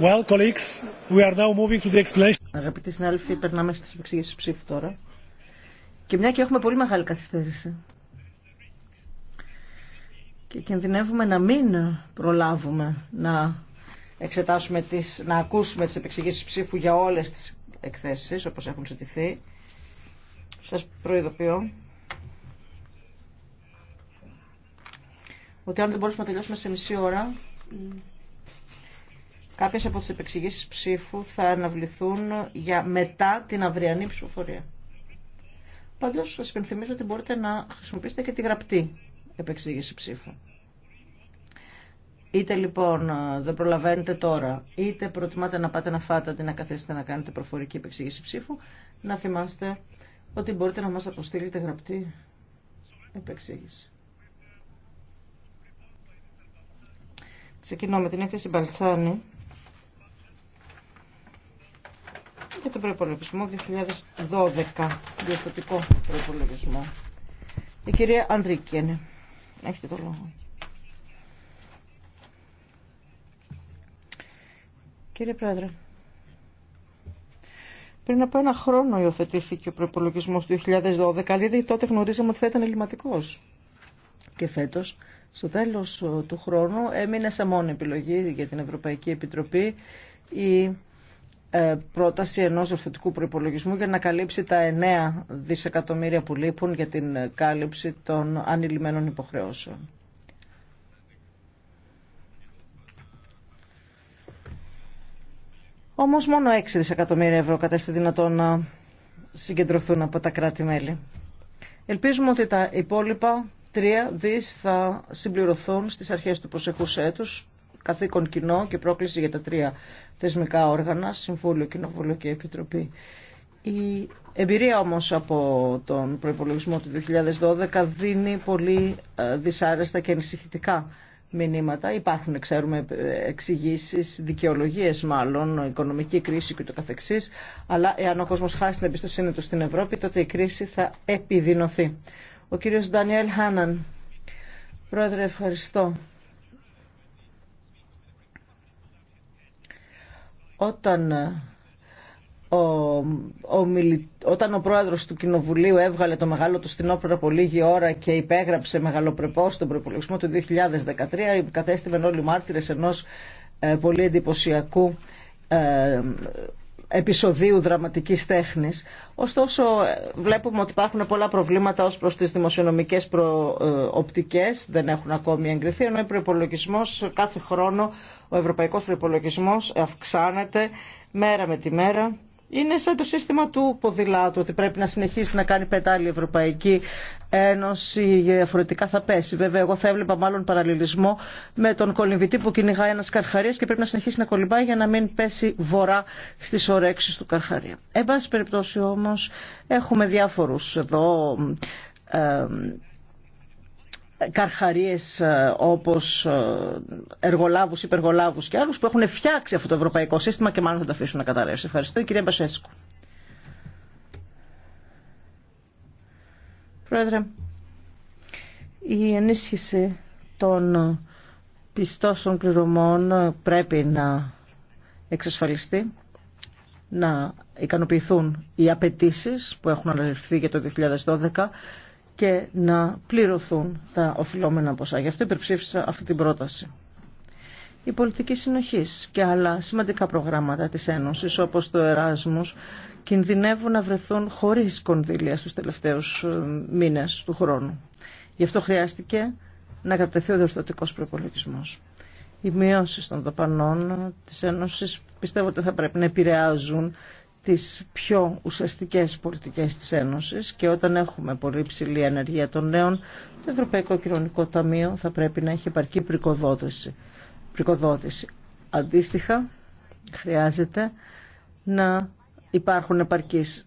Well, colleagues, we Αγαπητοί συνάδελφοι, περνάμε στις επεξηγήσεις ψήφου τώρα. Και μια και έχουμε πολύ μεγάλη καθυστέρηση. Και κινδυνεύουμε να μην προλάβουμε να εξετάσουμε τις, να ακούσουμε τις επεξηγήσεις ψήφου για όλες τις εκθέσεις όπως έχουν ζητηθεί. Σας προειδοποιώ ότι αν δεν μπορούσαμε να τελειώσουμε σε μισή ώρα Κάποιες από τις επεξηγήσεις ψήφου θα αναβληθούν για μετά την αυριανή ψηφοφορία. Παντώ σας υπενθυμίζω ότι μπορείτε να χρησιμοποιήσετε και τη γραπτή επεξήγηση ψήφου. Είτε λοιπόν ε, δεν προλαβαίνετε τώρα, είτε προτιμάτε να πάτε να φάτε, αντί να καθίσετε να κάνετε προφορική επεξήγηση ψήφου, να θυμάστε ότι μπορείτε να μας αποστείλετε γραπτή επεξήγηση. Ξεκινώ με την έκθεση Μπαλτσάνη. και τον προπολογισμό 2012, διαφορετικό προπολογισμό. Η κυρία Ανδρίκη Έχετε το λόγο. Κύριε Πρόεδρε, πριν από ένα χρόνο υιοθετήθηκε ο προπολογισμό του 2012, αλλά ήδη δηλαδή τότε γνωρίζαμε ότι θα ήταν ελληματικό. Και φέτο, στο τέλο του χρόνου, έμεινε σε μόνη επιλογή για την Ευρωπαϊκή Επιτροπή η ε, πρόταση ενός ορθωτικού προϋπολογισμού για να καλύψει τα 9 δισεκατομμύρια που λείπουν για την κάλυψη των ανηλυμένων υποχρεώσεων. Όμως μόνο 6 δισεκατομμύρια ευρώ κατέστη δυνατόν να συγκεντρωθούν από τα κράτη-μέλη. Ελπίζουμε ότι τα υπόλοιπα 3 δις θα συμπληρωθούν στις αρχές του προσεχούς έτους καθήκον κοινό και πρόκληση για τα τρία θεσμικά όργανα, Συμβούλιο, Κοινοβούλιο και Επιτροπή. Η εμπειρία όμως από τον προϋπολογισμό του 2012 δίνει πολύ ε, δυσάρεστα και ανησυχητικά μηνύματα. Υπάρχουν, ξέρουμε, εξηγήσει, δικαιολογίε μάλλον, οικονομική κρίση και το καθεξής. Αλλά εάν ο κόσμος χάσει την εμπιστοσύνη του στην Ευρώπη, τότε η κρίση θα επιδεινωθεί. Ο κύριος Ντανιέλ Χάναν. Πρόεδρε, ευχαριστώ. Όταν ε, ο, ο όταν ο πρόεδρος του Κοινοβουλίου έβγαλε το μεγάλο του στινόπρο από λίγη ώρα και υπέγραψε μεγαλοπρεπός τον προπολογισμό του 2013, κατέστημεν όλοι μάρτυρες ενός ε, πολύ εντυπωσιακού ε, επεισοδίου δραματικής τέχνης. Ωστόσο βλέπουμε ότι υπάρχουν πολλά προβλήματα ως προς τις δημοσιονομικές προοπτικές, δεν έχουν ακόμη εγκριθεί, ενώ ο προπολογισμό κάθε χρόνο, ο ευρωπαϊκός προπολογισμό αυξάνεται μέρα με τη μέρα είναι σαν το σύστημα του ποδηλάτου, ότι πρέπει να συνεχίσει να κάνει πετάλη η Ευρωπαϊκή Ένωση, διαφορετικά θα πέσει. Βέβαια, εγώ θα έβλεπα μάλλον παραλληλισμό με τον κολυμβητή που κυνηγάει ένα καρχαρία και πρέπει να συνεχίσει να κολυμπάει για να μην πέσει βορρά στι ωρέξει του καρχαρία. Εν πάση περιπτώσει όμω, έχουμε διάφορου εδώ καρχαρίες ε, όπως ε, εργολάβους, υπεργολάβους και άλλους που έχουν φτιάξει αυτό το ευρωπαϊκό σύστημα και μάλλον θα τα αφήσουν να καταρρεύσει. Ευχαριστώ. κυρία Μπασέσκου. Πρόεδρε, η ενίσχυση των πιστώσεων πληρωμών πρέπει να εξασφαλιστεί, να ικανοποιηθούν οι απαιτήσει που έχουν αναλυφθεί για το 2012 και να πληρωθούν τα οφειλόμενα ποσά. Γι' αυτό υπερψήφισα αυτή την πρόταση. Η πολιτική συνοχή και άλλα σημαντικά προγράμματα της Ένωσης όπως το Εράσμος κινδυνεύουν να βρεθούν χωρίς κονδύλια στους τελευταίους ε, μήνες του χρόνου. Γι' αυτό χρειάστηκε να κατατεθεί ο διορθωτικός προπολογισμό. Οι μειώσει των δαπανών της Ένωση πιστεύω ότι θα πρέπει να επηρεάζουν τις πιο ουσιαστικές πολιτικές της Ένωσης και όταν έχουμε πολύ ψηλή ανεργία των νέων, το Ευρωπαϊκό Κοινωνικό Ταμείο θα πρέπει να έχει επαρκή πρικοδότηση. πρικοδότηση. Αντίστοιχα, χρειάζεται να υπάρχουν επαρκείς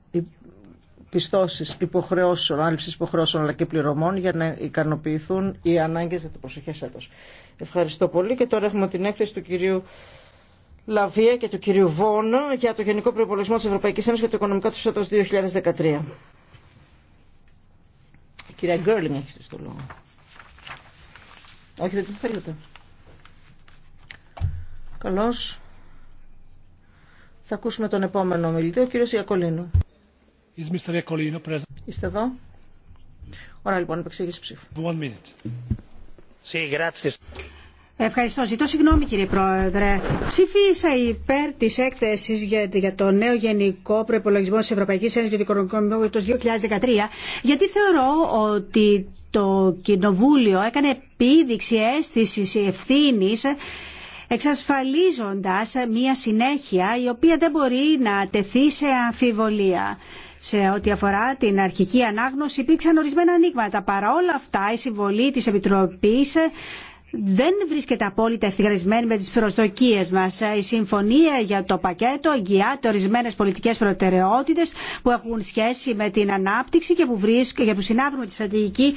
πιστώσεις υποχρεώσεων, άλυψης υποχρεώσεων αλλά και πληρωμών για να ικανοποιηθούν οι ανάγκες για το προσοχή έτος. Ευχαριστώ πολύ και τώρα έχουμε την έκθεση του κυρίου Λαβία και του κυρίου Βόν για το Γενικό προπολογισμό της ευρωπαϊκή Ένωσης και το Οικονομικό του 2013. κυρία Γκέρλινγκ έχετε στο λόγο. Όχι, δεν την θέλετε. Καλώς. Θα ακούσουμε τον επόμενο μιλητή, ο κύριος Ιακολίνου. Είστε εδώ. Ωραία λοιπόν, επεξήγηση ψήφου. Ευχαριστώ. Ζητώ συγγνώμη κύριε Πρόεδρε. Ψήφισα υπέρ τη έκθεση για, το νέο Γενικό Προπολογισμό τη Ευρωπαϊκή Ένωση για το Οικονομικό το 2013, γιατί θεωρώ ότι το Κοινοβούλιο έκανε επίδειξη αίσθηση ευθύνη σε αφιολογία σε ότι αφορά μια συνέχεια η οποία δεν μπορεί να τεθεί σε αμφιβολία. Σε ό,τι αφορά την αρχική ανάγνωση υπήρξαν ορισμένα ανοίγματα. Παρά όλα αυτά η συμβολή της Επιτροπής δεν βρίσκεται απόλυτα ευθυγραμμισμένη με τις προσδοκίες μας. Η συμφωνία για το πακέτο εγγυάται ορισμένες πολιτικές προτεραιότητες που έχουν σχέση με την ανάπτυξη και που, βρίσκ, και που συνάδουν με τη στρατηγική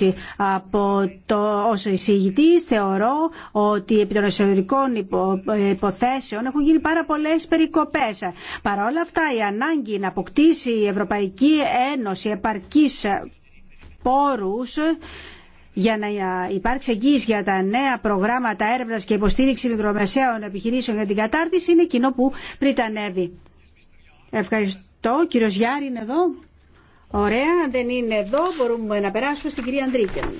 2020. Από το, ως εισηγητής θεωρώ ότι επί των εσωτερικών υποθέσεων έχουν γίνει πάρα πολλές περικοπές. Παρ' όλα αυτά η ανάγκη να αποκτήσει η Ευρωπαϊκή Ένωση επαρκής πόρους για να υπάρξει εγγύηση για τα νέα προγράμματα έρευνα και υποστήριξη μικρομεσαίων επιχειρήσεων για την κατάρτιση είναι εκείνο που πριτανεύει. Ευχαριστώ. Κύριο Γιάρη είναι εδώ. Ωραία. Αν δεν είναι εδώ μπορούμε να περάσουμε στην κυρία Αντρίκεν.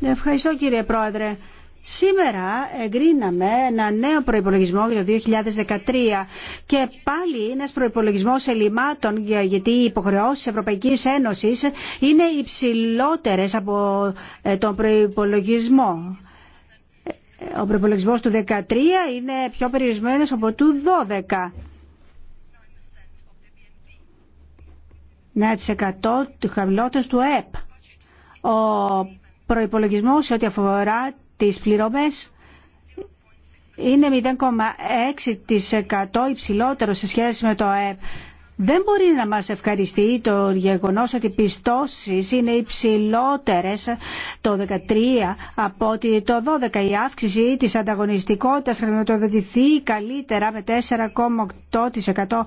Ευχαριστώ κύριε Πρόεδρε. Σήμερα εγκρίναμε ένα νέο προϋπολογισμό για το 2013 και πάλι ένας προϋπολογισμός ελλημάτων γιατί οι υποχρεώσεις Ευρωπαϊκής Ένωσης είναι υψηλότερες από ε, τον προϋπολογισμό. Ο προϋπολογισμός του 2013 είναι πιο περιορισμένος από του 2012. 9% του χαμηλότερου του ΕΠ. Ο προϋπολογισμός σε ό,τι αφορά τις πληρωμές είναι 0,6% υψηλότερο σε σχέση με το ΑΕΠ. Δεν μπορεί να μας ευχαριστεί το γεγονός ότι οι πιστώσεις είναι υψηλότερες το 2013 από ότι το 2012 η αύξηση της ανταγωνιστικότητας χρηματοδοτηθεί καλύτερα με 4,8%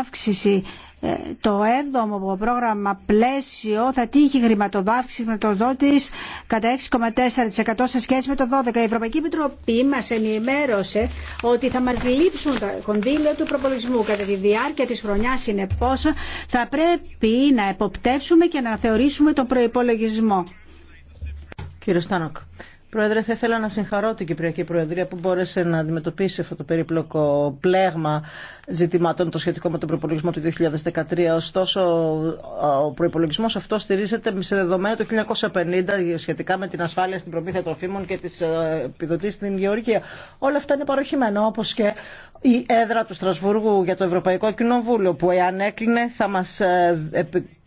αύξηση ε, το 7ο πρόγραμμα πλαίσιο θα τύχει χρηματοδότηση με το δότης κατά 6,4% σε σχέση με το 12. Η Ευρωπαϊκή Επιτροπή μας ενημέρωσε ότι θα μας λείψουν τα κονδύλια του προπολισμού. Κατά τη διάρκεια της χρονιάς, συνεπώς, θα πρέπει να εποπτεύσουμε και να θεωρήσουμε τον προϋπολογισμό. Πρόεδρε, θα ήθελα να συγχαρώ την Κυπριακή Προεδρία που μπόρεσε να αντιμετωπίσει αυτό το περίπλοκο πλέγμα ζητημάτων το σχετικό με τον προπολογισμό του 2013. Ωστόσο, ο προπολογισμό αυτό στηρίζεται σε δεδομένα του 1950 σχετικά με την ασφάλεια στην προμήθεια τροφίμων και τι ε, επιδοτήσει στην γεωργία. Όλα αυτά είναι παροχημένα, όπω και η έδρα του Στρασβούργου για το Ευρωπαϊκό Κοινοβούλιο, που εάν έκλεινε θα μα ε,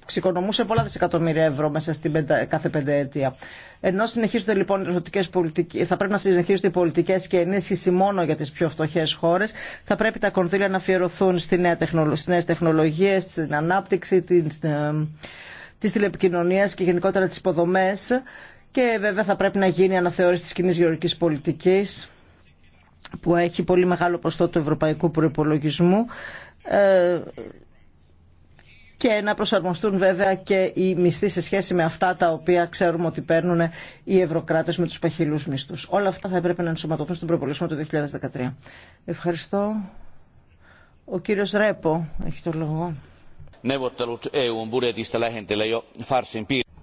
ξεκονομούσε πολλά δισεκατομμύρια ευρώ μέσα στην κάθε πενταετία. Ενώ συνεχίζονται λοιπόν οι πολιτικές, θα πρέπει να συνεχίζονται οι πολιτικέ και ενίσχυση μόνο για τι πιο φτωχέ χώρε, θα πρέπει τα κονδύλια να αφιερωθούν στι νέε τεχνολογίε, στην ανάπτυξη, την τη ε, τηλεπικοινωνία και γενικότερα τι υποδομέ. Και βέβαια θα πρέπει να γίνει αναθεώρηση τη κοινή γεωργική πολιτική, που έχει πολύ μεγάλο προστό του ευρωπαϊκού προπολογισμού. Ε, και να προσαρμοστούν βέβαια και οι μισθοί σε σχέση με αυτά τα οποία ξέρουμε ότι παίρνουν οι ευρωκράτες με τους παχυλούς μισθούς. Όλα αυτά θα έπρεπε να ενσωματωθούν στον προπολογισμό του 2013. Ευχαριστώ. Ο κύριος Ρέπο έχει το λόγο.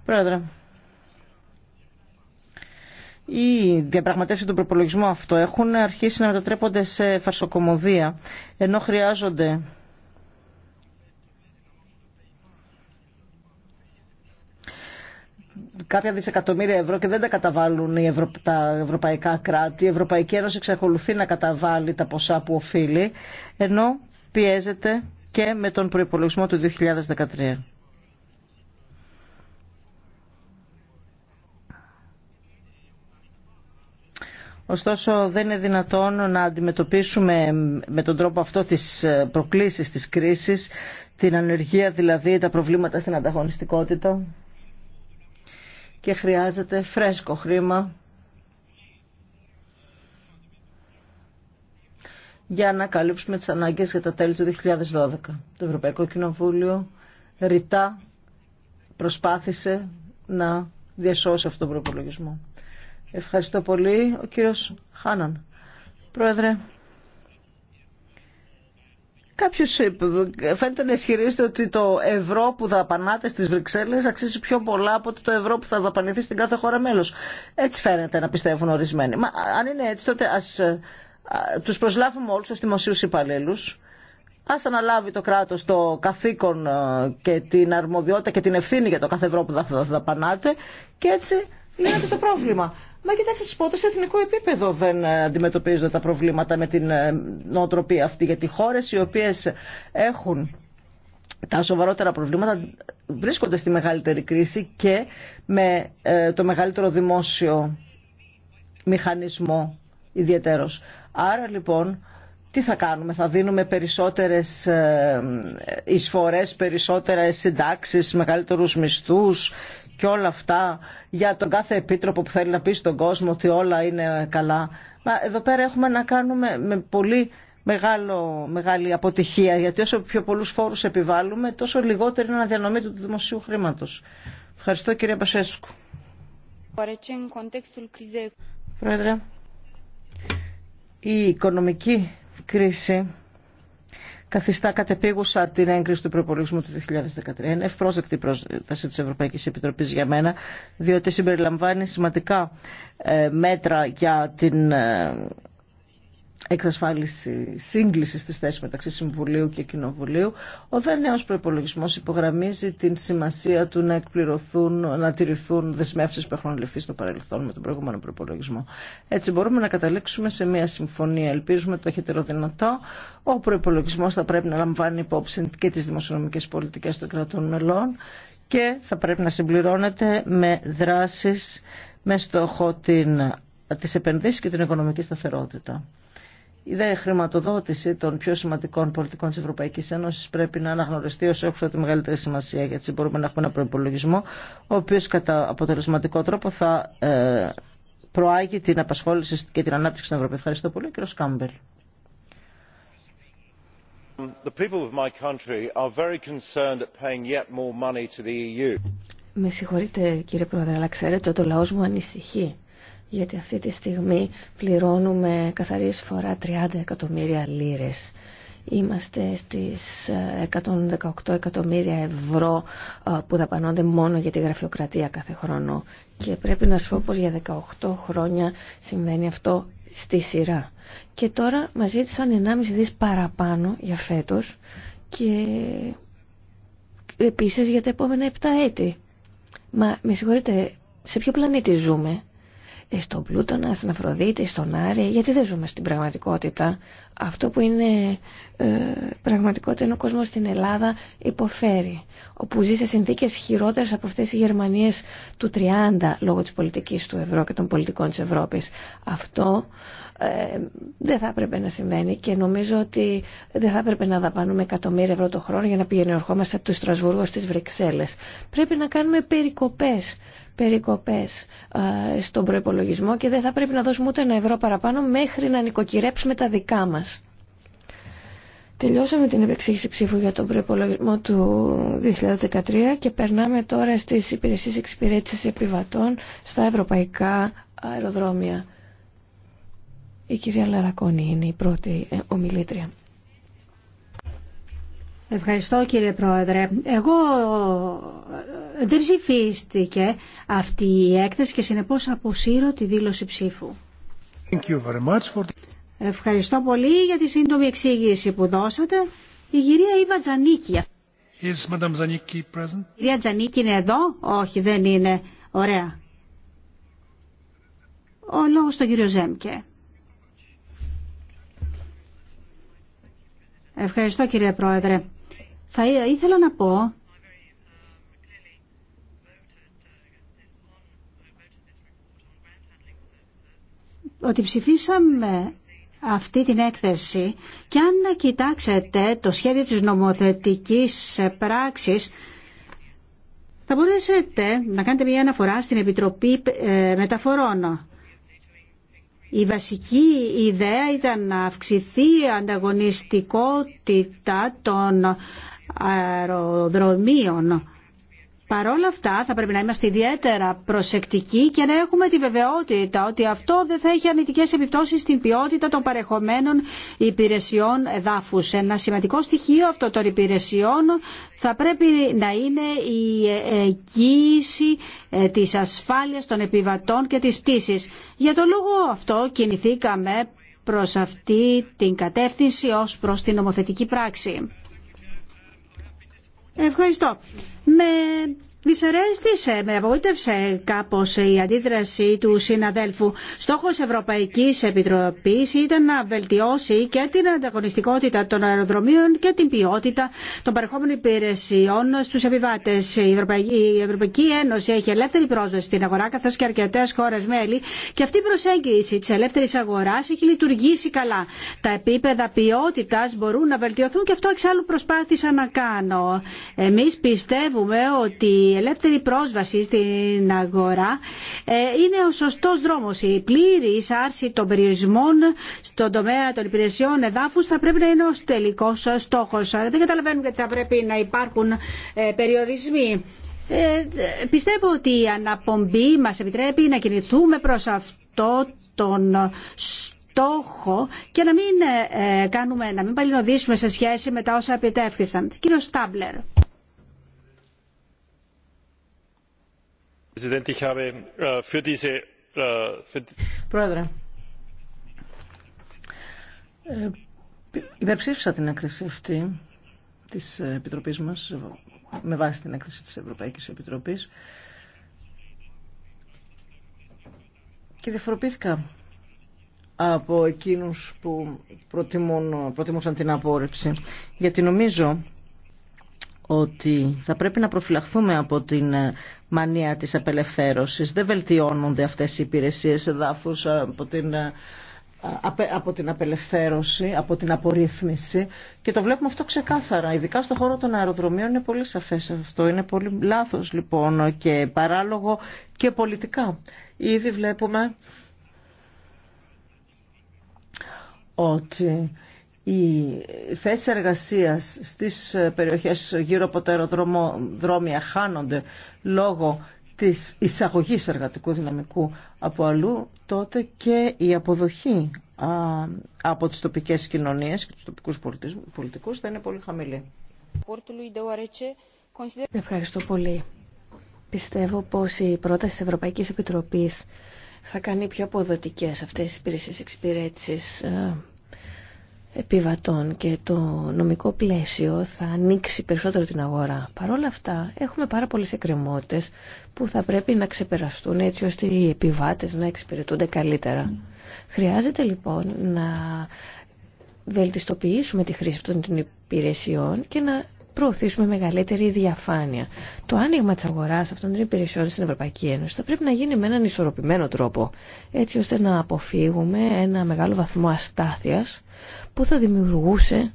Πρόεδρε. Οι διαπραγματεύσει του προπολογισμού αυτό έχουν αρχίσει να μετατρέπονται σε φαρσοκομωδία, ενώ χρειάζονται κάποια δισεκατομμύρια ευρώ και δεν τα καταβάλουν οι τα ευρωπαϊκά κράτη. Η Ευρωπαϊκή Ένωση εξακολουθεί να καταβάλει τα ποσά που οφείλει, ενώ πιέζεται και με τον προϋπολογισμό του 2013. Ωστόσο δεν είναι δυνατόν να αντιμετωπίσουμε με τον τρόπο αυτό τις προκλήσεις της κρίσης, την ανεργία δηλαδή, τα προβλήματα στην ανταγωνιστικότητα και χρειάζεται φρέσκο χρήμα για να καλύψουμε τις ανάγκες για τα τέλη του 2012. Το Ευρωπαϊκό Κοινοβούλιο ρητά προσπάθησε να διασώσει αυτόν τον προπολογισμό. Ευχαριστώ πολύ. Ο κύριος Χάναν. Πρόεδρε, Κάποιο ε, φαίνεται να ισχυρίζεται ότι το ευρώ που δαπανάτε στι Βρυξέλλε αξίζει πιο πολλά από ότι το ευρώ που θα δαπανηθεί στην κάθε χώρα μέλο. Έτσι φαίνεται να πιστεύουν ορισμένοι. Μα αν είναι έτσι, τότε ε, α του προσλάβουμε όλου ω δημοσίου υπαλλήλου. Α αναλάβει το κράτο το καθήκον ε, και την αρμοδιότητα και την ευθύνη για το κάθε ευρώ που θα δαπανάτε και έτσι λύνεται το πρόβλημα. Μα κοιτάξτε, σα πω, σε εθνικό επίπεδο δεν ε, αντιμετωπίζονται τα προβλήματα με την ε, νοοτροπία αυτή. Γιατί χώρε οι οποίε έχουν τα σοβαρότερα προβλήματα βρίσκονται στη μεγαλύτερη κρίση και με ε, το μεγαλύτερο δημόσιο μηχανισμό ιδιαίτερος. Άρα λοιπόν, τι θα κάνουμε, θα δίνουμε περισσότερες εισφορές, περισσότερες συντάξεις, μεγαλύτερους μισθούς, και όλα αυτά για τον κάθε επίτροπο που θέλει να πει στον κόσμο ότι όλα είναι καλά. Μα εδώ πέρα έχουμε να κάνουμε με πολύ μεγάλο, μεγάλη αποτυχία, γιατί όσο πιο πολλούς φόρους επιβάλλουμε, τόσο λιγότερη είναι αναδιανομή του δημοσίου χρήματος. Ευχαριστώ κύριε Πασέσκου. Πρόεδρε, η οικονομική κρίση καθιστά κατεπίγουσα την έγκριση του προπολογισμού του 2013. Είναι ευπρόσδεκτη η πρόταση της Ευρωπαϊκής Επιτροπής για μένα, διότι συμπεριλαμβάνει σημαντικά ε, μέτρα για την ε, εξασφάλιση σύγκληση τη θέση μεταξύ Συμβουλίου και Κοινοβουλίου, ο δε νέο προπολογισμό υπογραμμίζει την σημασία του να εκπληρωθούν, να τηρηθούν δεσμεύσει που έχουν ληφθεί στο παρελθόν με τον προηγούμενο προπολογισμό. Έτσι μπορούμε να καταλήξουμε σε μια συμφωνία. Ελπίζουμε το έχετε δυνατό. Ο προπολογισμό θα πρέπει να λαμβάνει υπόψη και τι δημοσιονομικέ πολιτικέ των κρατών μελών και θα πρέπει να συμπληρώνεται με δράσει με στόχο την, τις επενδύσεις και την οικονομική σταθερότητα. Η δε χρηματοδότηση των πιο σημαντικών πολιτικών τη Ευρωπαϊκή Ένωση πρέπει να αναγνωριστεί ω όχι τη μεγαλύτερη σημασία, γιατί έτσι μπορούμε να έχουμε ένα προπολογισμό, ο οποίο κατά αποτελεσματικό τρόπο θα ε, προάγει την απασχόληση και την ανάπτυξη στην Ευρώπη. Ευχαριστώ πολύ, κύριο Κάμπελ. E Με συγχωρείτε κύριε Πρόεδρε, αλλά ξέρετε ότι ο λαός μου ανησυχεί γιατί αυτή τη στιγμή πληρώνουμε καθαρή φορά 30 εκατομμύρια λίρες. Είμαστε στις 118 ε, εκατομμύρια ευρώ ε, που δαπανώνται μόνο για τη γραφειοκρατία κάθε χρόνο. Και πρέπει να σου πω πως για 18 χρόνια συμβαίνει αυτό στη σειρά. Και τώρα μας ζήτησαν 1,5 δις παραπάνω για φέτος και επίσης για τα επόμενα 7 έτη. Μα με συγχωρείτε, σε ποιο πλανήτη ζούμε στον Πλούτονα, στην Αφροδίτη, στον Άρη, γιατί δεν ζούμε στην πραγματικότητα. Αυτό που είναι ε, πραγματικότητα είναι ο κόσμος στην Ελλάδα υποφέρει, όπου ζει σε συνθήκες χειρότερες από αυτές οι Γερμανίες του 30 λόγω της πολιτικής του ευρώ και των πολιτικών της Ευρώπης. Αυτό ε, δεν θα έπρεπε να συμβαίνει και νομίζω ότι δεν θα έπρεπε να δαπάνουμε εκατομμύρια ευρώ το χρόνο για να πηγαίνει ερχόμαστε από το Στρασβούργο στις Βρυξέλλες. Πρέπει να κάνουμε περικοπές περικοπές στον προϋπολογισμό και δεν θα πρέπει να δώσουμε ούτε ένα ευρώ παραπάνω μέχρι να νοικοκυρέψουμε τα δικά μας. Τελειώσαμε την επεξήγηση ψήφου για τον προπολογισμό του 2013 και περνάμε τώρα στις υπηρεσίες εξυπηρέτησης επιβατών στα ευρωπαϊκά αεροδρόμια. Η κυρία Λαρακόνη είναι η πρώτη ε, ομιλήτρια. Ευχαριστώ κύριε Πρόεδρε. Εγώ ε, δεν ψηφίστηκε αυτή η έκθεση και συνεπώς αποσύρω τη δήλωση ψήφου. Thank you very much for... Ευχαριστώ πολύ για τη σύντομη εξήγηση που δώσατε. Η κυρία Ήβα Τζανίκη. Is present? Η κυρία Τζανίκη είναι εδώ. Όχι δεν είναι. Ωραία. Ο λόγος στον κύριο Ζέμκε. Ευχαριστώ κύριε Πρόεδρε. Θα ήθελα να πω ότι ψηφίσαμε αυτή την έκθεση και αν κοιτάξετε το σχέδιο της νομοθετικής πράξης θα μπορέσετε να κάνετε μια αναφορά στην Επιτροπή ε, Μεταφορών. Η βασική ιδέα ήταν να αυξηθεί η ανταγωνιστικότητα των αεροδρομίων. Παρ' όλα αυτά θα πρέπει να είμαστε ιδιαίτερα προσεκτικοί και να έχουμε τη βεβαιότητα ότι αυτό δεν θα έχει αρνητικές επιπτώσεις στην ποιότητα των παρεχομένων υπηρεσιών εδάφους. Ένα σημαντικό στοιχείο αυτών των υπηρεσιών θα πρέπει να είναι η εγγύηση ε, της ασφάλειας των επιβατών και της πτήσης. Για τον λόγο αυτό κινηθήκαμε προς αυτή την κατεύθυνση ως προς την νομοθετική πράξη. Ευχαριστώ. Με Δυσαρέστησε, με απογοήτευσε κάπω η αντίδραση του συναδέλφου. στόχο Ευρωπαϊκή Επιτροπή ήταν να βελτιώσει και την ανταγωνιστικότητα των αεροδρομίων και την ποιότητα των παρεχόμενων υπηρεσιών στου επιβάτε. Η Ευρωπαϊκή, Ευρωπαϊκή Ένωση έχει ελεύθερη πρόσβαση στην αγορά καθώ και αρκετέ χώρε μέλη και αυτή η προσέγγιση τη ελεύθερη αγορά έχει λειτουργήσει καλά. Τα επίπεδα ποιότητα μπορούν να βελτιωθούν και αυτό εξάλλου προσπάθησα να κάνω. Εμεί πιστεύουμε ότι ελεύθερη πρόσβαση στην αγορά ε, είναι ο σωστός δρόμος. Η πλήρη άρση των περιορισμών στον τομέα των υπηρεσιών εδάφους θα πρέπει να είναι ο τελικό στόχος. Δεν καταλαβαίνουμε γιατί θα πρέπει να υπάρχουν ε, περιορισμοί. Ε, πιστεύω ότι η αναπομπή μας επιτρέπει να κινηθούμε προς αυτό τον στόχο και να μην, ε, κάνουμε, να μην παλινοδίσουμε σε σχέση με τα όσα επιτεύχθησαν. Κύριο Στάμπλερ. Äh, äh, Πρόεδρε, ε, υπερψήφισα την έκθεση αυτή της Επιτροπής μας με βάση την έκθεση της Ευρωπαϊκής Επιτροπής και διαφοροποιήθηκα από εκείνους που προτιμούσαν την απόρριψη γιατί νομίζω ότι θα πρέπει να προφυλαχθούμε από την ε, μανία της απελευθέρωσης. Δεν βελτιώνονται αυτές οι υπηρεσίες εδάφους ε, από την ε, από την απελευθέρωση, από την απορρίθμιση και το βλέπουμε αυτό ξεκάθαρα. Ειδικά στον χώρο των αεροδρομίων είναι πολύ σαφές αυτό. Είναι πολύ λάθος λοιπόν και παράλογο και πολιτικά. Ήδη βλέπουμε ότι οι θέσεις εργασίας στις περιοχές γύρω από τα αεροδρόμια χάνονται λόγω της εισαγωγής εργατικού δυναμικού από αλλού, τότε και η αποδοχή από τις τοπικές κοινωνίες και τους τοπικούς πολιτικούς θα είναι πολύ χαμηλή. Ευχαριστώ πολύ. Πιστεύω πως η πρόταση της Ευρωπαϊκής Επιτροπής θα κάνει πιο αποδοτικές αυτές τις υπηρεσίες εξυπηρέτησης ε, επιβατών και το νομικό πλαίσιο θα ανοίξει περισσότερο την αγορά. Παρ' όλα αυτά έχουμε πάρα πολλές εκκρεμότητες που θα πρέπει να ξεπεραστούν έτσι ώστε οι επιβάτες να εξυπηρετούνται καλύτερα. Χρειάζεται λοιπόν να βελτιστοποιήσουμε τη χρήση των υπηρεσιών και να προωθήσουμε μεγαλύτερη διαφάνεια. Το άνοιγμα της αγορά αυτών των υπηρεσιών στην Ευρωπαϊκή Ένωση θα πρέπει να γίνει με έναν ισορροπημένο τρόπο, έτσι ώστε να αποφύγουμε ένα μεγάλο βαθμό αστάθεια που θα δημιουργούσε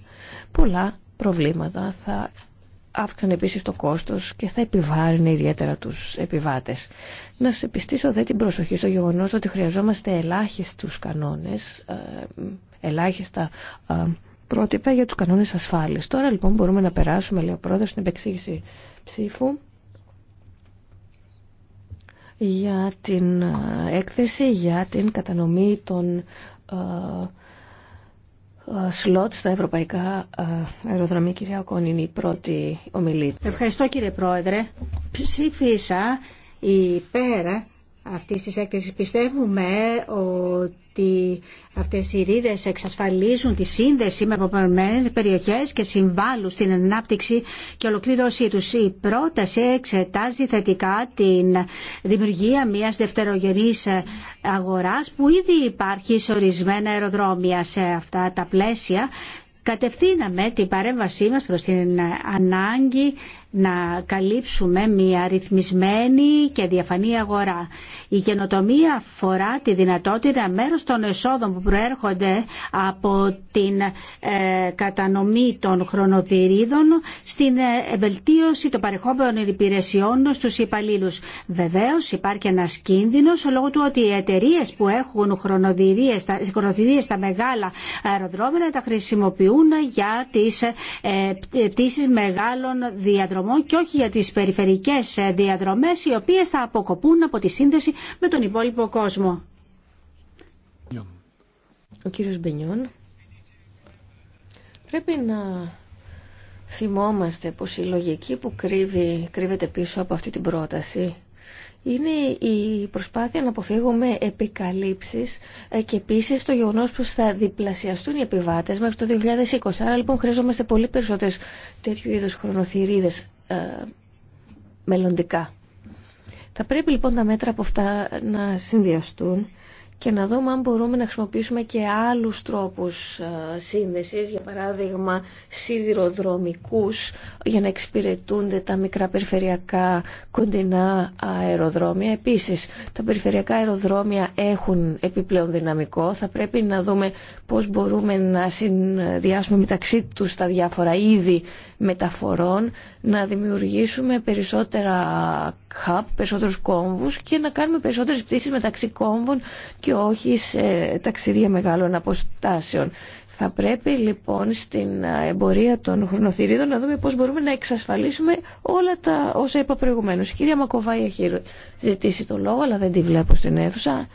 πολλά προβλήματα, θα αύξανε επίσης το κόστος και θα επιβάρυνε ιδιαίτερα τους επιβάτες. Να σε πιστήσω δε την προσοχή στο γεγονός ότι χρειαζόμαστε ελάχιστους κανόνες, ε, ελάχιστα ε, πρότυπα για τους κανόνες ασφάλειας. Τώρα λοιπόν μπορούμε να περάσουμε, λέει ο πρόεδρος, στην επεξήγηση ψήφου για την ε, έκθεση, για την κατανομή των ε, σλότ στα ευρωπαϊκά ε, αεροδρομία. Κυρία Οκόν είναι η πρώτη ομιλή. Ευχαριστώ κύριε Πρόεδρε. Ψήφισα υπέρ αυτής της έκθεσης. Πιστεύουμε ότι ότι αυτές οι ρίδες εξασφαλίζουν τη σύνδεση με απομονωμένες περιοχές και συμβάλλουν στην ανάπτυξη και ολοκλήρωσή τους. Η πρόταση εξετάζει θετικά την δημιουργία μιας δευτερογενής αγοράς που ήδη υπάρχει σε ορισμένα αεροδρόμια σε αυτά τα πλαίσια. Κατευθύναμε την παρέμβασή μας προς την ανάγκη να καλύψουμε μια ρυθμισμένη και διαφανή αγορά. Η καινοτομία αφορά τη δυνατότητα μέρος των εσόδων που προέρχονται από την ε, κατανομή των χρονοδιρίδων στην ε, βελτίωση των παρεχόμενων υπηρεσιών στους υπαλλήλους. Βεβαίως υπάρχει ένας κίνδυνος λόγω του ότι οι εταιρείε που έχουν χρονοδυρίες, στα μεγάλα αεροδρόμια τα χρησιμοποιούν για τις ε, πτήσεις μεγάλων διαδρομών και όχι για τις περιφερικές ε, διαδρομές οι οποίες θα αποκοπούν από τη σύνδεση με τον υπόλοιπο κόσμο. Ο κύριος Μπενιόν, Πρέπει να θυμόμαστε πως η λογική που κρύβει, κρύβεται πίσω από αυτή την πρόταση είναι η προσπάθεια να αποφύγουμε επικαλύψεις ε, και επίσης το γεγονός πως θα διπλασιαστούν οι επιβάτες μέχρι το 2020. Άρα λοιπόν χρειαζόμαστε πολύ περισσότερες τέτοιου είδους χρονοθυρίδες ε, μελλοντικά. Θα πρέπει λοιπόν τα μέτρα από αυτά να συνδυαστούν και να δούμε αν μπορούμε να χρησιμοποιήσουμε και άλλους τρόπους ε, σύνδεσης, για παράδειγμα σιδηροδρομικούς, για να εξυπηρετούνται τα μικρά περιφερειακά κοντινά αεροδρόμια. Επίσης, τα περιφερειακά αεροδρόμια έχουν επιπλέον δυναμικό. Θα πρέπει να δούμε πώς μπορούμε να συνδυάσουμε μεταξύ τους τα διάφορα είδη μεταφορών, να δημιουργήσουμε περισσότερα hub, περισσότερους κόμβους και να κάνουμε περισσότερες πτήσεις μεταξύ κόμβων και όχι σε ταξίδια μεγάλων αποστάσεων. Θα πρέπει λοιπόν στην εμπορία των χρονοθυρίδων να δούμε πώς μπορούμε να εξασφαλίσουμε όλα τα όσα είπα προηγουμένως. Η κυρία Μακοβάη έχει ζητήσει το λόγο, αλλά δεν τη βλέπω στην αίθουσα.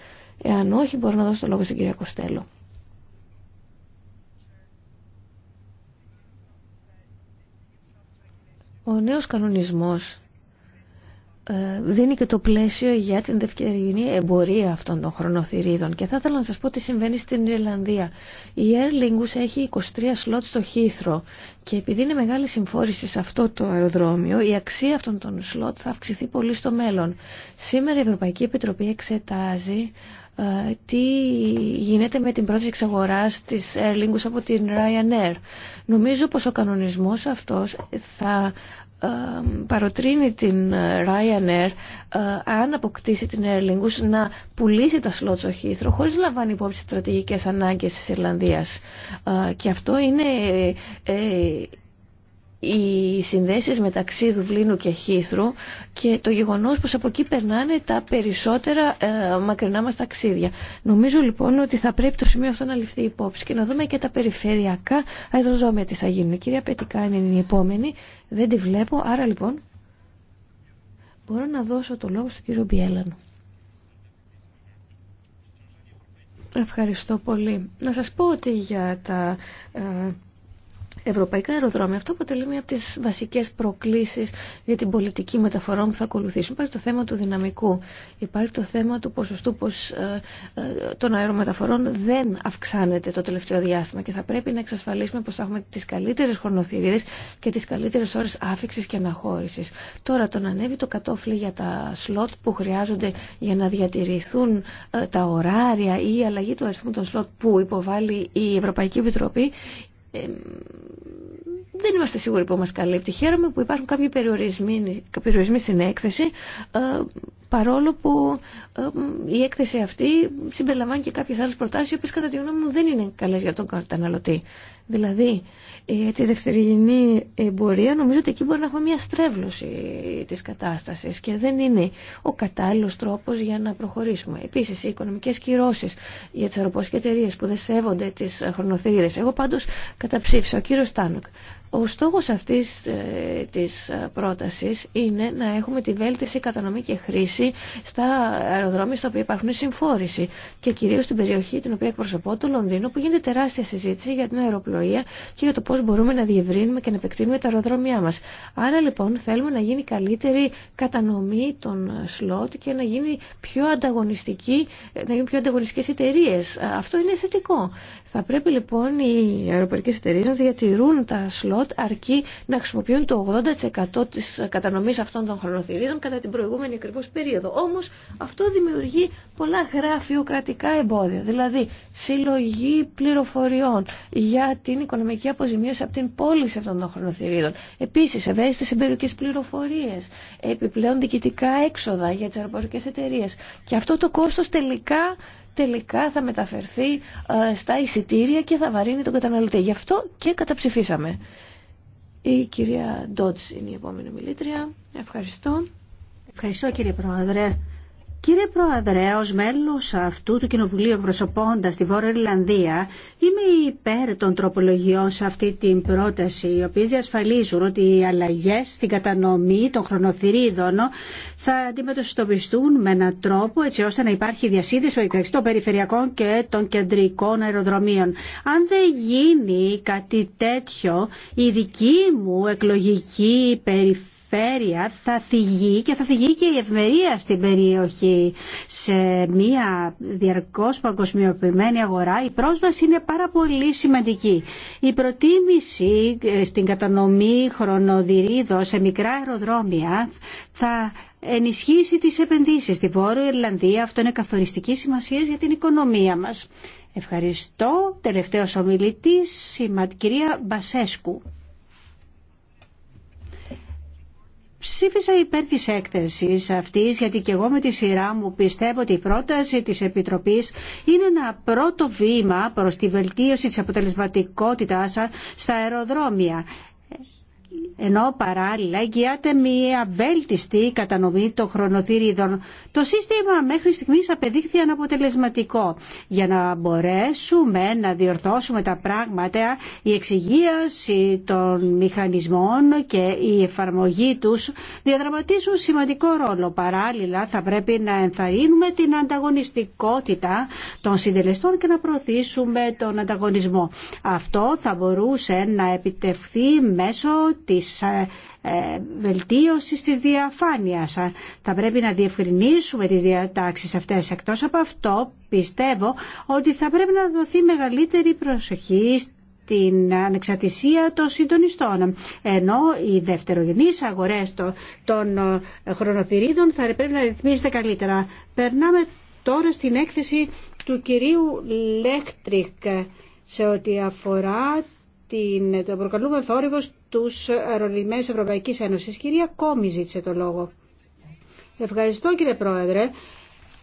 Εάν όχι, μπορώ να δώσω το λόγο στην κυρία Κοστέλο. Ο νέος κανονισμός ε, δίνει και το πλαίσιο για την δευτερινή εμπορία αυτών των χρονοθυρίδων. Και θα ήθελα να σας πω τι συμβαίνει στην Ιρλανδία. Η Air Lingus έχει 23 σλότ στο Χήθρο και επειδή είναι μεγάλη συμφόρηση σε αυτό το αεροδρόμιο, η αξία αυτών των σλότ θα αυξηθεί πολύ στο μέλλον. Σήμερα η Ευρωπαϊκή Επιτροπή εξετάζει ε, τι γίνεται με την πρώτη εξαγορά της Air Lingus από την Ryanair. Νομίζω πως ο κανονισμός αυτός θα παροτρύνει την ε, Ryanair ε, αν αποκτήσει την Air Lingus να πουλήσει τα σλότ στο χωρίς να λαμβάνει υπόψη στρατηγικές ανάγκες της Ιρλανδίας. Ε, και αυτό είναι οι συνδέσεις μεταξύ Δουβλίνου και Χήθρου και το γεγονός πως από εκεί περνάνε τα περισσότερα ε, μακρινά μας ταξίδια. Νομίζω λοιπόν ότι θα πρέπει το σημείο αυτό να ληφθεί υπόψη και να δούμε και τα περιφερειακά αεροδρόμια τι θα γίνουν. Η κυρία Πετικά είναι η επόμενη, δεν τη βλέπω, άρα λοιπόν μπορώ να δώσω το λόγο στον κύριο Μπιέλανο. Ευχαριστώ πολύ. Να σας πω ότι για τα... Ε, ευρωπαϊκά αεροδρόμια. Αυτό αποτελεί μια από τι βασικέ προκλήσει για την πολιτική μεταφορών που θα ακολουθήσουν. Υπάρχει το θέμα του δυναμικού, υπάρχει το θέμα του ποσοστού πως ε, ε, των αερομεταφορών δεν αυξάνεται το τελευταίο διάστημα και θα πρέπει να εξασφαλίσουμε πώ θα έχουμε τι καλύτερε χρονοθυρίδε και τι καλύτερε ώρε άφηξη και αναχώρηση. Τώρα τον ανέβει το κατόφλι για τα σλότ που χρειάζονται για να διατηρηθούν ε, τα ωράρια ή η αλλαγή του αριθμού των σλότ που υποβάλλει η Ευρωπαϊκή Επιτροπή δεν είμαστε σίγουροι που μας καλύπτει. Χαίρομαι που υπάρχουν κάποιοι περιορισμοί, περιορισμοί στην έκθεση, ε, παρόλο που η έκθεση αυτή συμπεριλαμβάνει και κάποιες άλλες προτάσεις, οι οποίες κατά τη γνώμη μου δεν είναι καλές για τον καταναλωτή. Δηλαδή, ε, τη δευτερηγενή εμπορία νομίζω ότι εκεί μπορεί να έχουμε μια στρέβλωση της κατάστασης και δεν είναι ο κατάλληλος τρόπος για να προχωρήσουμε. Επίσης, οι οικονομικές κυρώσεις για τις αεροπορικές εταιρείες που δεν σέβονται τις χρονοθυρίδες. Εγώ πάντως καταψήφισα ο κύριος Τάνοκ. Ο στόχος αυτής ε, της ε, πρότασης είναι να έχουμε τη βέλτιση κατανομή και χρήση στα αεροδρόμια στα οποία υπάρχουν συμφόρηση και κυρίως στην περιοχή την οποία εκπροσωπώ, το Λονδίνο, που γίνεται τεράστια συζήτηση για την αεροπλοεία και για το πώς μπορούμε να διευρύνουμε και να επεκτείνουμε τα αεροδρόμια μας. Άρα λοιπόν θέλουμε να γίνει καλύτερη κατανομή των σλότ και να γίνει πιο ανταγωνιστική, ε, να γίνουν πιο ανταγωνιστικές εταιρείε. Αυτό είναι θετικό. Θα πρέπει λοιπόν οι αεροπορικές εταιρείε να διατηρούν τα σλότ ΕΟΤ αρκεί να χρησιμοποιούν το 80% της κατανομής αυτών των χρονοθυρίδων κατά την προηγούμενη ακριβώ περίοδο. Όμως αυτό δημιουργεί πολλά γραφειοκρατικά εμπόδια, δηλαδή συλλογή πληροφοριών για την οικονομική αποζημίωση από την πώληση αυτών των χρονοθυρίδων. Επίσης ευαίσθητες εμπεριοκές πληροφορίες, επιπλέον διοικητικά έξοδα για τις αεροπορικές εταιρείε. Και αυτό το κόστος τελικά τελικά θα μεταφερθεί ε, στα εισιτήρια και θα βαρύνει τον καταναλωτή. Γι' αυτό και καταψηφίσαμε. Η κυρία Ντότς είναι η επόμενη μιλήτρια. Ευχαριστώ. Ευχαριστώ κύριε Πρόεδρε. Κύριε Πρόεδρε, ω μέλο αυτού του κοινοβουλίου εκπροσωπώντα τη Βόρεια Ιρλανδία, είμαι υπέρ των τροπολογιών σε αυτή την πρόταση, οι οποίε διασφαλίζουν ότι οι αλλαγέ στην κατανομή των χρονοθυρίδων θα αντιμετωπιστούν με έναν τρόπο έτσι ώστε να υπάρχει διασύνδεση μεταξύ των περιφερειακών και των κεντρικών αεροδρομίων. Αν δεν γίνει κάτι τέτοιο, η δική μου εκλογική περιφέρεια περιφέρεια θα θυγεί και θα θυγεί και η ευμερία στην περιοχή. Σε μια διαρκώς παγκοσμιοποιημένη αγορά η πρόσβαση είναι πάρα πολύ σημαντική. Η προτίμηση ε, στην κατανομή χρονοδυρίδων σε μικρά αεροδρόμια θα ενισχύσει τις επενδύσεις στη Βόρεια Ιρλανδία. Αυτό είναι καθοριστική σημασία για την οικονομία μας. Ευχαριστώ. Τελευταίος ομιλητής, η κυρία Μπασέσκου. Ψήφισα υπέρ της έκθεσης αυτής γιατί και εγώ με τη σειρά μου πιστεύω ότι η πρόταση της Επιτροπής είναι ένα πρώτο βήμα προς τη βελτίωση της αποτελεσματικότητας στα αεροδρόμια ενώ παράλληλα εγγυάται μια βέλτιστη κατανομή των χρονοθυρίδων. Το σύστημα μέχρι στιγμής απεδείχθη αναποτελεσματικό. Για να μπορέσουμε να διορθώσουμε τα πράγματα, η εξυγίαση των μηχανισμών και η εφαρμογή τους διαδραματίζουν σημαντικό ρόλο. Παράλληλα θα πρέπει να ενθαρρύνουμε την ανταγωνιστικότητα των συντελεστών και να προωθήσουμε τον ανταγωνισμό. Αυτό θα μπορούσε να επιτευχθεί μέσω της ε, ε, βελτίωσης της διαφάνειας. Θα πρέπει να διευκρινίσουμε τις διατάξεις αυτές. Εκτός από αυτό πιστεύω ότι θα πρέπει να δοθεί μεγαλύτερη προσοχή την ανεξαρτησία των συντονιστών. Ενώ οι δευτερογενείς αγορές των ε, χρονοθυρίδων θα πρέπει να ρυθμίζεται καλύτερα. Περνάμε τώρα στην έκθεση του κυρίου Λέχτρικ σε ό,τι αφορά την, το προκαλούμενο Θόρυβό τους αερολιμένες Ευρωπαϊκής Ένωσης. Κυρία Κόμη ζήτησε το λόγο. Ευχαριστώ κύριε Πρόεδρε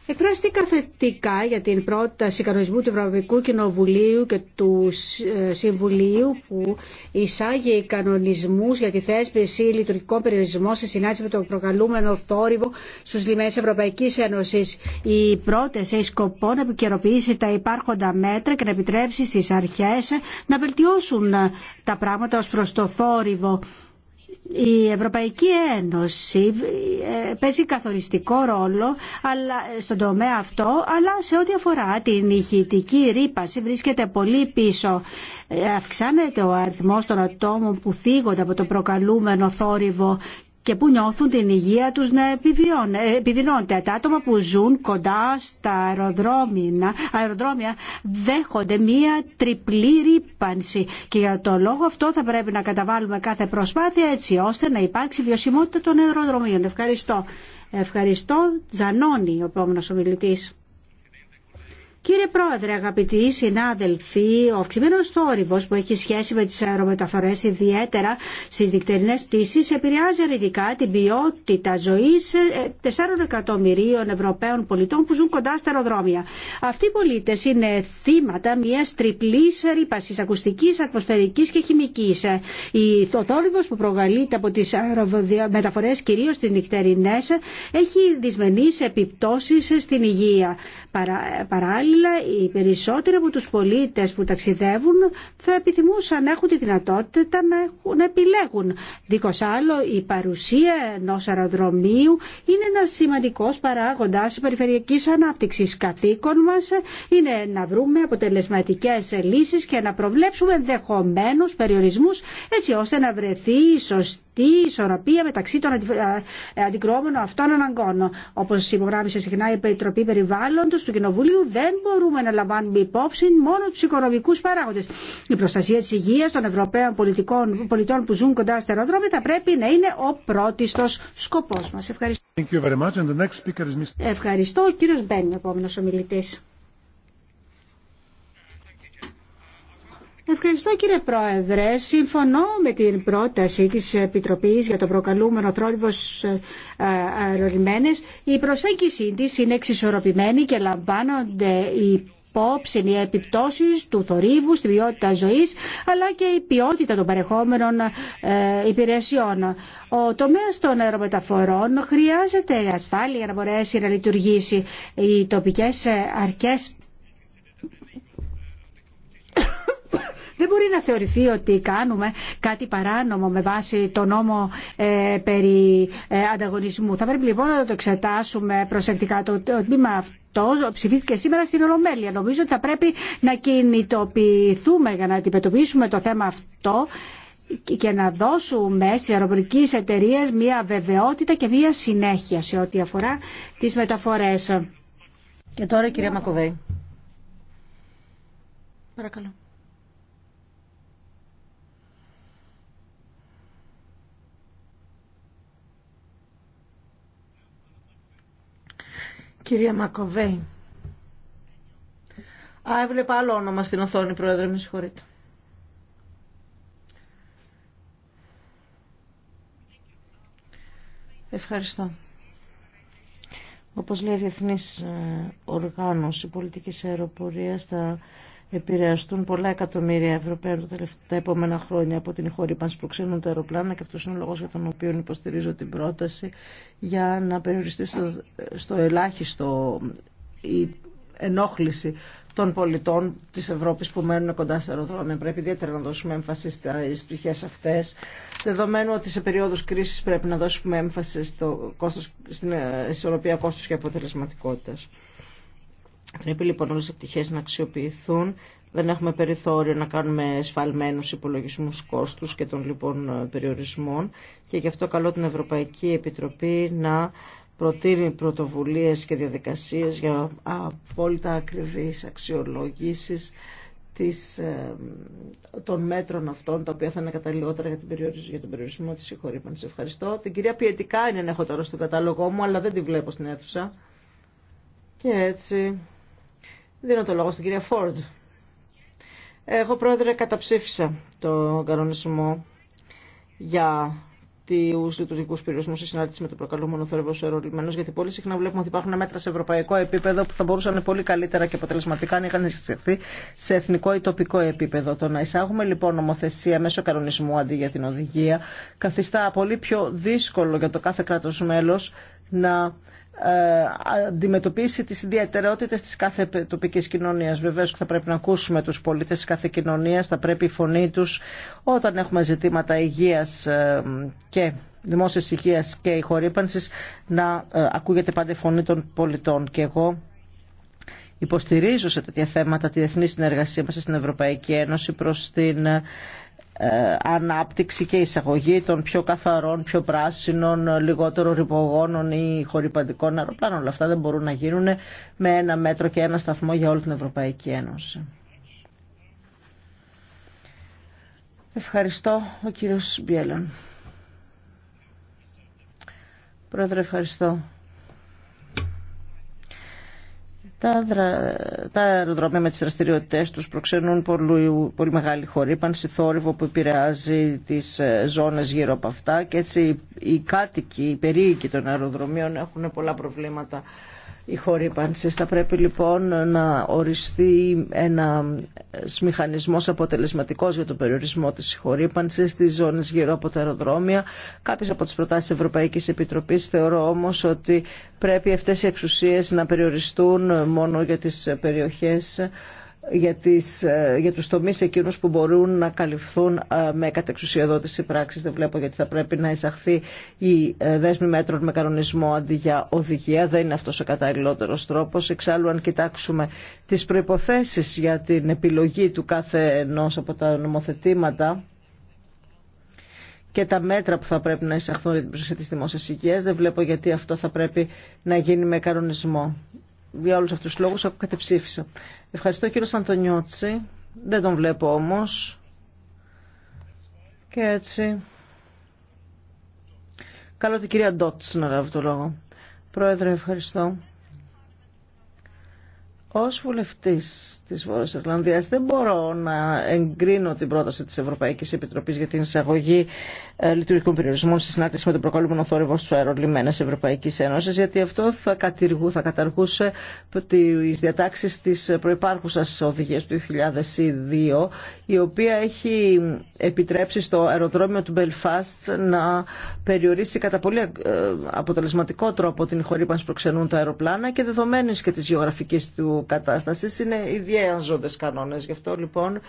εκφράστηκα θετικά για την πρόταση κανονισμού του Ευρωπαϊκού Κοινοβουλίου και του ε, Συμβουλίου που εισάγει κανονισμού για τη θέσπιση λειτουργικών περιορισμών σε συνάντηση με το προκαλούμενο θόρυβο στους λιμές Ευρωπαϊκή Ένωση. Η πρόταση έχει σκοπό να επικαιροποιήσει τα υπάρχοντα μέτρα και να επιτρέψει στι αρχέ να βελτιώσουν τα πράγματα ω προ το θόρυβο η Ευρωπαϊκή Ένωση ε, παίζει καθοριστικό ρόλο ε, στον τομέα αυτό, αλλά σε ό,τι αφορά την ηχητική ρήπαση βρίσκεται πολύ πίσω. Ε, αυξάνεται ο αριθμός των ατόμων που θίγονται από το προκαλούμενο θόρυβο και που νιώθουν την υγεία τους να ε, επιδεινώνεται. Τα άτομα που ζουν κοντά στα αεροδρόμια, αεροδρόμια δέχονται μία τριπλή ρήπανση και για το λόγο αυτό θα πρέπει να καταβάλουμε κάθε προσπάθεια έτσι ώστε να υπάρξει βιωσιμότητα των αεροδρομίων. Ευχαριστώ. Ευχαριστώ. Ζανώνη ο επόμενος ομιλητής. Κύριε Πρόεδρε, αγαπητοί συνάδελφοι, ο αυξημένο θόρυβο που έχει σχέση με τι αερομεταφορέ, ιδιαίτερα στι νυχτερινέ πτήσει, επηρεάζει αρνητικά την ποιότητα ζωή 4 ε, εκατομμυρίων Ευρωπαίων πολιτών που ζουν κοντά στα αεροδρόμια. Αυτοί οι πολίτε είναι θύματα μια τριπλή ρήπαση ακουστική, ατμοσφαιρική και χημική. Ο θόρυβο που προκαλείται από τι αερομεταφορέ, κυρίω στι νυχτερινέ, έχει δυσμενεί επιπτώσει στην υγεία. Παράλληλα, αλλά οι περισσότεροι από τους πολίτες που ταξιδεύουν θα επιθυμούσαν να έχουν τη δυνατότητα να, έχουν, επιλέγουν. Δίκως άλλο η παρουσία ενός αεροδρομίου είναι ένας σημαντικός παράγοντας περιφερειακής ανάπτυξης καθήκων μας είναι να βρούμε αποτελεσματικές λύσεις και να προβλέψουμε δεχομένους περιορισμούς έτσι ώστε να βρεθεί η σωστή τι ισορροπία μεταξύ των ε, ε, αντικρουόμενων αυτών αναγκών. Όπω υπογράμμισε συχνά η Επιτροπή Περιβάλλοντο του Κοινοβουλίου, δεν μπορούμε να λαμβάνουμε υπόψη μόνο του οικονομικού παράγοντε. Η προστασία τη υγεία των Ευρωπαίων πολιτών που ζουν κοντά στα αεροδρόμια θα πρέπει να είναι ο πρώτιστο σκοπό μα. Ευχαριστώ. Ευχαριστώ. Ο κύριο Μπέν, επόμενο ομιλητή. Ευχαριστώ κύριε Πρόεδρε. Συμφωνώ με την πρόταση της Επιτροπής για το προκαλούμενο θρόλυβος ε, ε, αερολιμένες. Η προσέγγιση της είναι εξισορροπημένη και λαμβάνονται οι υπόψη οι επιπτώσει του θορύβου στην ποιότητα ζωής αλλά και η ποιότητα των παρεχόμενων ε, υπηρεσιών. Ο τομέα των αερομεταφορών χρειάζεται ασφάλεια για να μπορέσει να λειτουργήσει. Οι τοπικέ αρχέ δεν μπορεί να θεωρηθεί ότι κάνουμε κάτι παράνομο με βάση το νόμο ε, περί ε, ανταγωνισμού. Θα πρέπει λοιπόν να το εξετάσουμε προσεκτικά το, το τμήμα αυτό ψηφίστηκε σήμερα στην Ολομέλεια. Νομίζω ότι θα πρέπει να κινητοποιηθούμε για να αντιμετωπίσουμε το θέμα αυτό και να δώσουμε στις αεροπορικές εταιρείε μια βεβαιότητα και μια συνέχεια σε ό,τι αφορά τις μεταφορές. Και τώρα κυρία Μακοβέη. Παρακαλώ. Κυρία Μακοβέη. Α, έβλεπα άλλο όνομα στην οθόνη, Πρόεδρε, με συγχωρείτε. Ευχαριστώ. Όπως λέει η Διεθνής ε, Οργάνωση Πολιτικής Αεροπορίας, τα επηρεαστούν πολλά εκατομμύρια Ευρωπαίων τα επόμενα χρόνια από την χορύπανση που ξύνουν τα αεροπλάνα και αυτό είναι ο λόγο για τον οποίο υποστηρίζω την πρόταση για να περιοριστεί στο, ελάχιστο η ενόχληση των πολιτών τη Ευρώπη που μένουν κοντά στα αεροδρόμια. Πρέπει ιδιαίτερα να δώσουμε έμφαση στι πτυχέ αυτέ. Δεδομένου ότι σε περίοδου κρίση πρέπει να δώσουμε έμφαση στην ε, ισορροπία κόστου και αποτελεσματικότητα. Πρέπει λοιπόν όλες οι πτυχέ να αξιοποιηθούν. Δεν έχουμε περιθώριο να κάνουμε σφαλμένους υπολογισμούς κόστους και των λοιπόν περιορισμών και γι' αυτό καλώ την Ευρωπαϊκή Επιτροπή να προτείνει πρωτοβουλίες και διαδικασίες για απόλυτα ακριβείς αξιολογήσεις της, ε, των μέτρων αυτών, τα οποία θα είναι καταλληλότερα για, για τον περιορισμό της συγχωρήπανης. Ευχαριστώ. Την κυρία Πιετικά είναι να έχω τώρα στον κατάλογό μου, αλλά δεν τη βλέπω στην αίθουσα. Και έτσι Δίνω το λόγο στην κυρία Φόρντ. Εγώ, πρόεδρε, καταψήφισα το κανονισμό για του λειτουργικού περιορισμού σε συνάρτηση με το προκαλούμενο θόρυβο ερωτημένο, γιατί πολύ συχνά βλέπουμε ότι υπάρχουν μέτρα σε ευρωπαϊκό επίπεδο που θα μπορούσαν πολύ καλύτερα και αποτελεσματικά να είχαν εισαχθεί σε εθνικό ή τοπικό επίπεδο. Το να εισάγουμε λοιπόν νομοθεσία μέσω κανονισμού αντί για την οδηγία καθιστά πολύ πιο δύσκολο για το κάθε κράτο μέλο να ε, αντιμετωπίσει τις ιδιαιτερότητες της κάθε τοπικής κοινωνίας. Βεβαίως θα πρέπει να ακούσουμε τους πολίτες της κάθε κοινωνίας, θα πρέπει η φωνή τους όταν έχουμε ζητήματα υγείας ε, και δημόσιας υγείας και η χορύπανσης να ε, ακούγεται πάντα η φωνή των πολιτών. Και εγώ υποστηρίζω σε τέτοια θέματα τη διεθνή συνεργασία μας στην Ευρωπαϊκή Ένωση προς την ε, ανάπτυξη και εισαγωγή των πιο καθαρών, πιο πράσινων, λιγότερο ρηπογόνων ή χωριπαντικών αεροπλάνων. Όλα αυτά δεν μπορούν να γίνουν με ένα μέτρο και ένα σταθμό για όλη την Ευρωπαϊκή Ένωση. Ευχαριστώ ο κύριος Μπιέλλον. Πρόεδρε, ευχαριστώ. Τα, δρα... αεροδρόμια με τις δραστηριότητε τους προξενούν πολύ, πολύ μεγάλη χορύπανση, θόρυβο που επηρεάζει τις ε, ζώνες γύρω από αυτά και έτσι οι κάτοικοι, οι περίοικοι των αεροδρομίων έχουν πολλά προβλήματα η χορύπανση. Θα πρέπει λοιπόν να οριστεί ένα μηχανισμό αποτελεσματικό για τον περιορισμό τη χορύπανση στι ζώνε γύρω από τα αεροδρόμια. Κάποιε από τι προτάσει τη Ευρωπαϊκή Επιτροπή θεωρώ όμω ότι πρέπει αυτέ οι εξουσίε να περιοριστούν μόνο για τι περιοχέ για, τις, ε, για τους τομείς εκείνους που μπορούν να καλυφθούν ε, με κατεξουσιοδότηση πράξης. Δεν βλέπω γιατί θα πρέπει να εισαχθεί η ε, δέσμη μέτρων με κανονισμό αντί για οδηγία. Δεν είναι αυτός ο καταλληλότερος τρόπος. Εξάλλου αν κοιτάξουμε τις προϋποθέσεις για την επιλογή του κάθε ενός από τα νομοθετήματα και τα μέτρα που θα πρέπει να εισαχθούν για την προστασία της δημόσιας υγείας, δεν βλέπω γιατί αυτό θα πρέπει να γίνει με κανονισμό για όλους αυτούς τους λόγους κατεψήφισα. Ευχαριστώ κύριο Σαντονιώτση. Δεν τον βλέπω όμως. Και έτσι... Καλώ την κυρία Ντότς να λάβει το λόγο. Πρόεδρε, ευχαριστώ. Ως βουλευτής της Βόρειας Ιρλανδίας δεν μπορώ να εγκρίνω την πρόταση της Ευρωπαϊκής Επιτροπής για την εισαγωγή ε, λειτουργικών περιορισμών στη συνάρτηση με τον προκαλούμενο θόρυβο στους αερολιμένες Ευρωπαϊκής Ένωσης γιατί αυτό θα, κατηργού, θα καταργούσε τις διατάξεις της προϋπάρχουσας οδηγίας του 2002 η οποία έχει επιτρέψει στο αεροδρόμιο του Belfast να περιορίσει κατά πολύ ε, αποτελεσματικό τρόπο την χορύπανση που προξενούν τα αεροπλάνα και δεδομένης και της γεωγραφικής του κατάστασης. Είναι ζώντες κανόνες. Γι' αυτό λοιπόν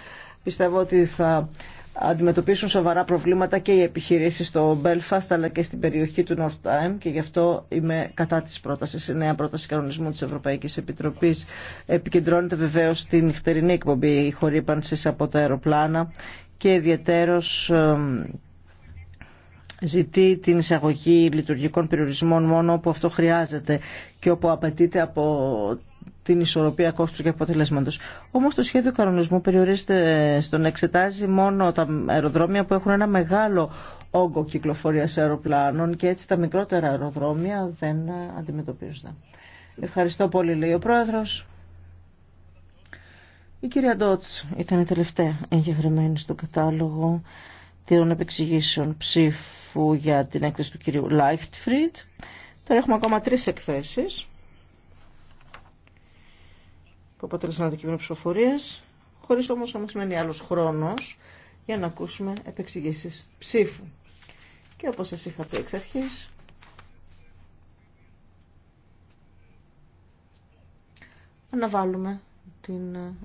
πιστεύω ότι θα αντιμετωπίσουν σοβαρά προβλήματα και οι επιχειρήσεις στο Belfast αλλά και στην περιοχή του North Time και γι' αυτό είμαι κατά της πρότασης. Η νέα πρόταση κανονισμού της Ευρωπαϊκής Επιτροπής επικεντρώνεται βεβαίως στην νυχτερινή εκπομπή χορύπανσης από τα αεροπλάνα και ιδιαίτερος ζητεί την εισαγωγή λειτουργικών περιορισμών μόνο όπου αυτό χρειάζεται και όπου απαιτείται από την ισορροπία κόστου και αποτελέσματο. Όμω το σχέδιο κανονισμού περιορίζεται στο να εξετάζει μόνο τα αεροδρόμια που έχουν ένα μεγάλο όγκο κυκλοφορία αεροπλάνων και έτσι τα μικρότερα αεροδρόμια δεν αντιμετωπίζονται. Ευχαριστώ πολύ, λέει ο πρόεδρο. Η κυρία Ντότ ήταν η τελευταία εγγεγραμμένη στο κατάλογο των επεξηγήσεων ψήφου για την έκθεση του κυρίου Λάιχτφριντ. Τώρα έχουμε ακόμα τρει εκθέσεις που αποτέλεσαν αντικείμενο ψηφοφορία, χωρί όμω να μα μένει άλλο χρόνο για να ακούσουμε επεξηγήσει ψήφου. Και όπω σα είχα πει εξ αρχή, αναβάλουμε ε,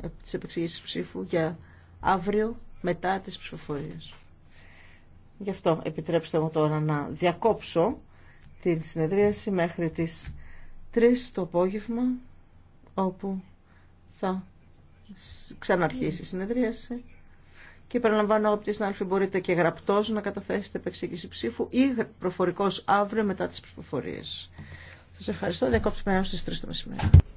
τι επεξηγήσεις ψήφου για αύριο μετά τις ψηφοφορίες. Γι' αυτό επιτρέψτε μου τώρα να διακόψω την συνεδρίαση μέχρι τις 3 το απόγευμα όπου θα ξαναρχίσει η συνεδρίαση. Και παραλαμβάνω, στην αλφή μπορείτε και γραπτό να καταθέσετε επεξήγηση ψήφου ή προφορικό αύριο μετά τι ψηφοφορίε. Σα ευχαριστώ. Διακόπτουμε έω τι 3 το μεσημέρι.